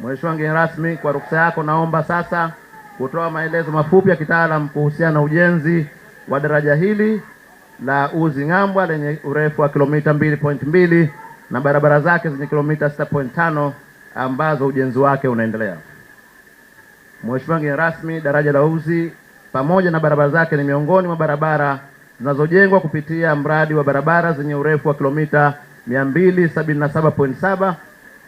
Mheshimiwa mgeni rasmi, kwa ruksa yako naomba sasa kutoa maelezo mafupi ya kitaalam kuhusiana na ujenzi wa daraja hili la Uzi Ng'ambwa lenye urefu wa kilomita 2.2 na barabara zake zenye kilomita 6.5 ambazo ujenzi wake unaendelea. Mheshimiwa mgeni rasmi, daraja la Uzi pamoja na barabara zake ni miongoni mwa barabara zinazojengwa kupitia mradi wa barabara zenye urefu wa kilomita 277.7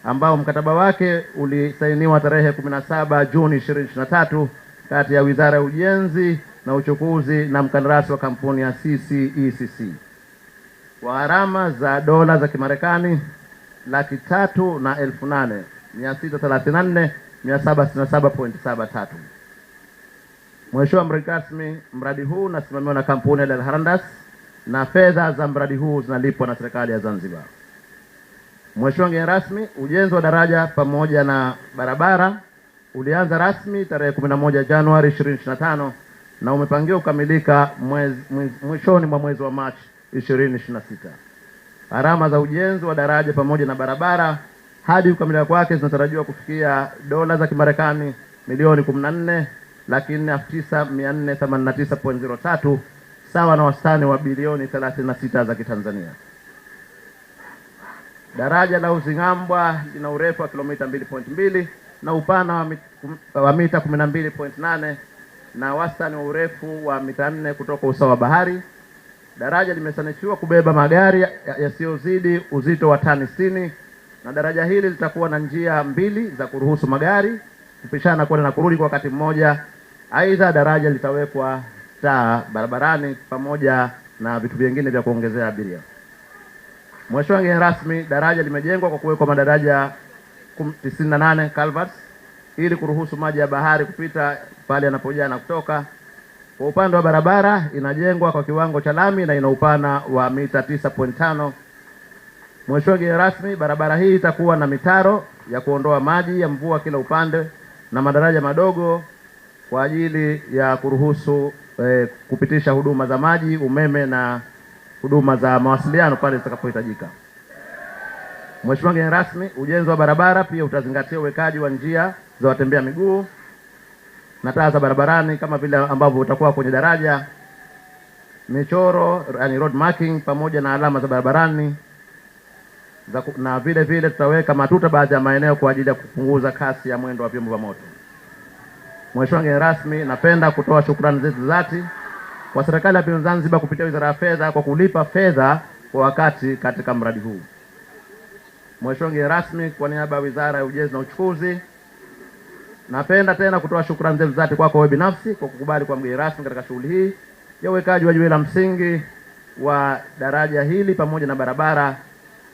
ambao mkataba wake ulisainiwa tarehe 17 Juni 2023 kati ya Wizara ya Ujenzi na Uchukuzi na mkandarasi wa kampuni ya CCECC e kwa gharama za dola za Kimarekani laki tatu na elfu nane mia sita thelathini na nne mia saba sitini na saba pointi saba tatu. Mheshimiwa mgeni rasmi, mradi huu unasimamiwa na kampuni ya Al na fedha za mradi huu zinalipwa na serikali ya Zanzibar. Mheshimiwa mgeni rasmi, ujenzi wa daraja pamoja na barabara ulianza rasmi tarehe 11 Januari 2025 na umepangiwa kukamilika mwishoni mwa mwezi wa Machi 2026. Gharama za ujenzi wa daraja pamoja na barabara hadi kukamilika kwake zinatarajiwa kufikia dola za Kimarekani milioni 14 laki 9,489.03 sawa na wastani wa bilioni 36 za Kitanzania. Daraja la Uzing'ambwa lina urefu wa kilomita 2.2 na upana wa mita 12.8 na wastani wa urefu wa mita 4 kutoka usawa wa bahari. Daraja limesanifiwa kubeba magari yasiyozidi uzito wa tani sitini na daraja hili litakuwa na njia mbili za kuruhusu magari kupishana kwenda na kurudi kwa wakati mmoja. Aidha, daraja litawekwa taa barabarani pamoja na vitu vingine vya kuongezea abiria. Mheshimiwa mgeni rasmi, daraja limejengwa kwa kuwekwa madaraja 98 culverts ili kuruhusu maji ya bahari kupita pale yanapojaa na kutoka. Kwa upande wa barabara inajengwa kwa kiwango cha lami na ina upana wa mita 9.5. Mheshimiwa mgeni rasmi, barabara hii itakuwa na mitaro ya kuondoa maji ya mvua kila upande na madaraja madogo kwa ajili ya kuruhusu eh, kupitisha huduma za maji, umeme na huduma za mawasiliano pale zitakapohitajika. Mheshimiwa mgeni rasmi, ujenzi wa barabara pia utazingatia uwekaji wa njia za watembea miguu na taa za barabarani kama vile ambavyo utakuwa kwenye daraja, michoro yani road marking, pamoja na alama za barabarani za, na vile vile tutaweka matuta baadhi ya maeneo kwa ajili ya kupunguza kasi ya mwendo wa vyombo vya moto. Mheshimiwa mgeni rasmi, napenda kutoa shukrani zetu za kwa serikali ya Pindu Zanzibar kupitia Wizara ya Fedha kwa kulipa fedha kwa wakati katika mradi huu. Mheshimiwa mgeni rasmi, kwa niaba ya Wizara ya Ujenzi na Uchukuzi, napenda tena kutoa shukrani zetu zati kwako wewe binafsi kwa kukubali kwa mgeni rasmi katika shughuli hii ya uwekaji wa jiwe la msingi wa daraja hili pamoja na barabara,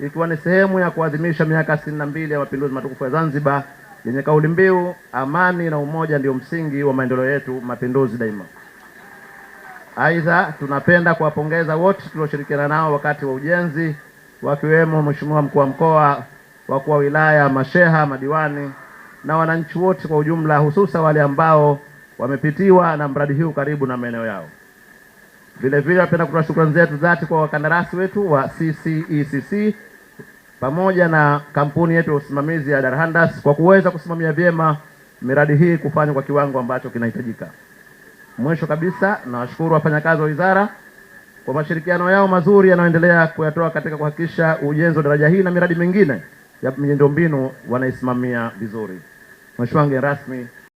ikiwa ni sehemu ya kuadhimisha miaka sitini na mbili ya mapinduzi matukufu ya Zanzibar yenye kauli mbiu amani na umoja ndio msingi wa maendeleo yetu, mapinduzi daima. Aidha, tunapenda kuwapongeza wote tulioshirikiana nao wakati wa ujenzi, wakiwemo Mheshimiwa mkuu wa mkoa, wakuu wa wilaya, masheha, madiwani na wananchi wote kwa ujumla, hususa wale ambao wamepitiwa na mradi huu karibu na maeneo yao. Vile vile napenda kutoa shukrani zetu dhati kwa wakandarasi wetu wa CCECC e pamoja na kampuni yetu ya usimamizi ya Darhandas kwa kuweza kusimamia vyema miradi hii kufanywa kwa kiwango ambacho kinahitajika. Mwisho kabisa, nawashukuru wafanyakazi wa wizara kwa mashirikiano yao mazuri yanayoendelea kuyatoa katika kuhakikisha ujenzi wa daraja hili na miradi mingine ya miundombinu wanaisimamia vizuri. Mheshimiwa mgeni rasmi